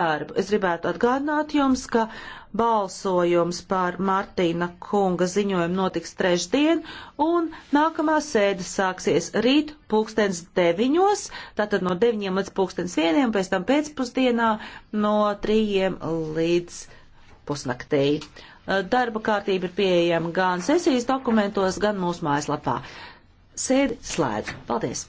darbu. Es gribētu atgādināt jums, ka balsojums par Martīna kunga ziņojumu notiks trešdien, un nākamā sēde sāksies rīt pulkstens deviņos, tātad no deviņiem līdz pulkstens vieniem, pēc tam pēcpusdienā no trījiem līdz pusnaktī. Darba kārtība ir pieejama gan sesijas dokumentos, gan mūsu mājaslapā. Sēdi slēdz. Paldies!